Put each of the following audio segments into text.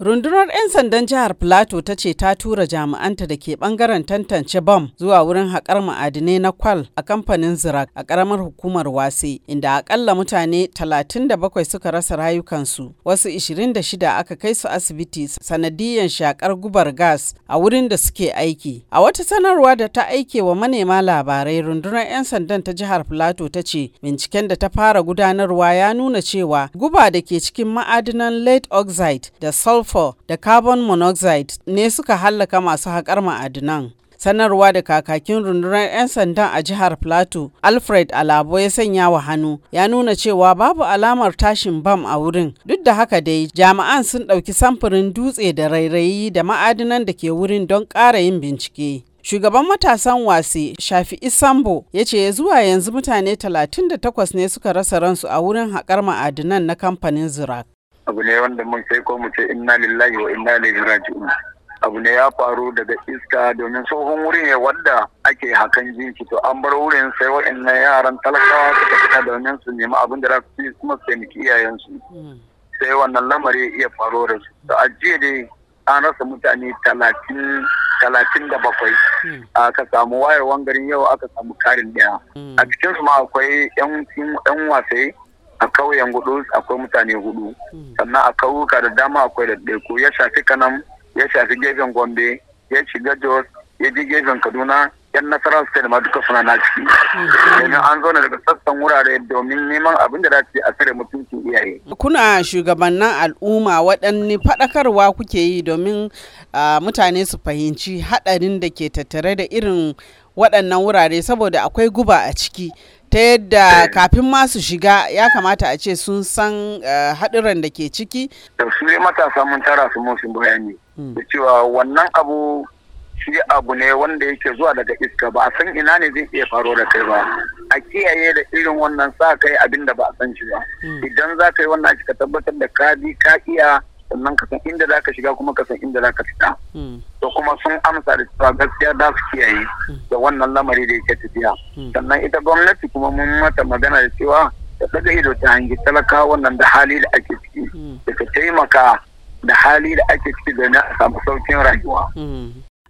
Rundunar 'yan sandan jihar Plateau ta ce ta tura jami'anta da ke bangaren tantance bom zuwa wurin haƙar ma'adinai na kwal a kamfanin Zirak a ƙaramar hukumar Wase, inda akalla mutane 37 suka rasa rayukansu, wasu 26 aka kai su asibiti sanadiyan shakar gubar gas a wurin da suke aiki. A wata sanarwa da ta aike wa manema labarai rundunar 'yan sandan ta jihar Plateau ta ce binciken da ta fara gudanarwa ya nuna cewa guba da ke cikin ma'adinan lead oxide da sulfur sulfur da carbon monoxide ne suka hallaka masu haƙar ma'adinan. sanarwa da kakakin rundunar 'yan sandan a jihar plateau alfred alabo ya sanya wa hannu ya nuna cewa babu alamar tashin bam a wurin duk da haka dai jami'an sun ɗauki samfurin dutse da rairayi da ma'adinan da ke wurin don ƙara yin bincike shugaban matasan wasi shafi isambo ya ce zuwa yanzu mutane 38 ne suka rasa ransu a wurin haƙar ma'adinan na kamfanin zurak abu ne wanda mun sai ko mu ce inna lillahi wa inna ilaihi raji'un abu ne ya faru daga iska domin tsohon wurin ne wanda ake hakan jinki to an bar wurin sai waɗannan yaran talakawa suka fita domin su nemi abin da za su kuma su taimaki iyayensu hmm. sai wannan lamari iya faru da su to a jiya dai an rasa mutane talatin da bakwai hmm. aka samu wayar garin yau aka samu karin daya hmm. a cikin su ma akwai yan wasai a kauyen hudu akwai mutane hudu sannan a kauyuka da dama akwai ɗaiɗaiku ya shafi kanan ya shafi gefen gombe ya shiga jos ya ji gefen kaduna yan nasarar su ma duka suna na ciki domin an zo daga sassan wurare domin neman abin da dace a tsare mutuncin iyaye kuna shugabannin al'umma waɗanne faɗakarwa kuke yi domin mutane su fahimci haɗarin da ke tattare da irin waɗannan wurare saboda akwai guba a ciki ta yadda kafin ma su shiga ya kamata a ce sun san eh, haɗuran da ke ciki da su ne matasa mun tara su mun bayani hmm. da cewa wannan abu shi abu ne wanda yake zuwa daga iska ba a san ina ne zai iya faro da kai ba a kiyaye da irin wannan sa kai abin da ba a san shi ba hmm. idan za ka yi wannan ka tabbatar da ka bi ka iya sannan ka san inda za ka shiga kuma ka san inda za ka fita hmm. to kuma sun amsa da cewa gaskiya za su kiyaye hmm. da wannan lamari da yake tafiya hmm. sannan ita gwamnati kuma mun mata magana da cewa ta daga ido ta hangi talaka wannan da hali da ake ciki da ka taimaka da hali da ake ciki da na samu saukin rayuwa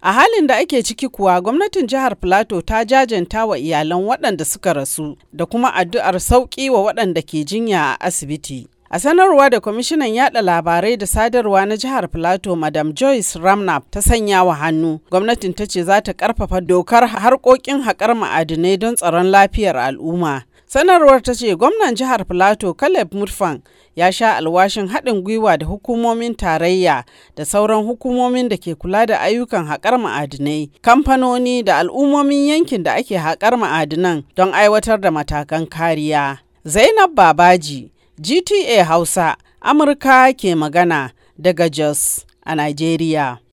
A halin da ake ciki kuwa gwamnatin jihar Filato ta jajanta wa iyalan waɗanda suka rasu da kuma addu'ar sauƙi wa waɗanda ke jinya a asibiti. A sanarwa da kwamishinan yada labarai da sadarwa na jihar Filato Madam Joyce Ramnap ta sanya wa hannu, gwamnatin ta ce za ta karfafa dokar harkokin haƙar ma'adinai don tsaron lafiyar al'umma. Sanarwar ta ce gwamnan jihar Filato Caleb Mutfan ya sha alwashin haɗin gwiwa da hukumomin tarayya da sauran hukumomin da ke kula da ayyukan haƙar ma'adinai, kamfanoni da al'ummomin yankin da ake haƙar ma'adinan don aiwatar da matakan kariya. Zainab Babaji GTA Hausa, Amurka ke magana daga Jos a Najeriya.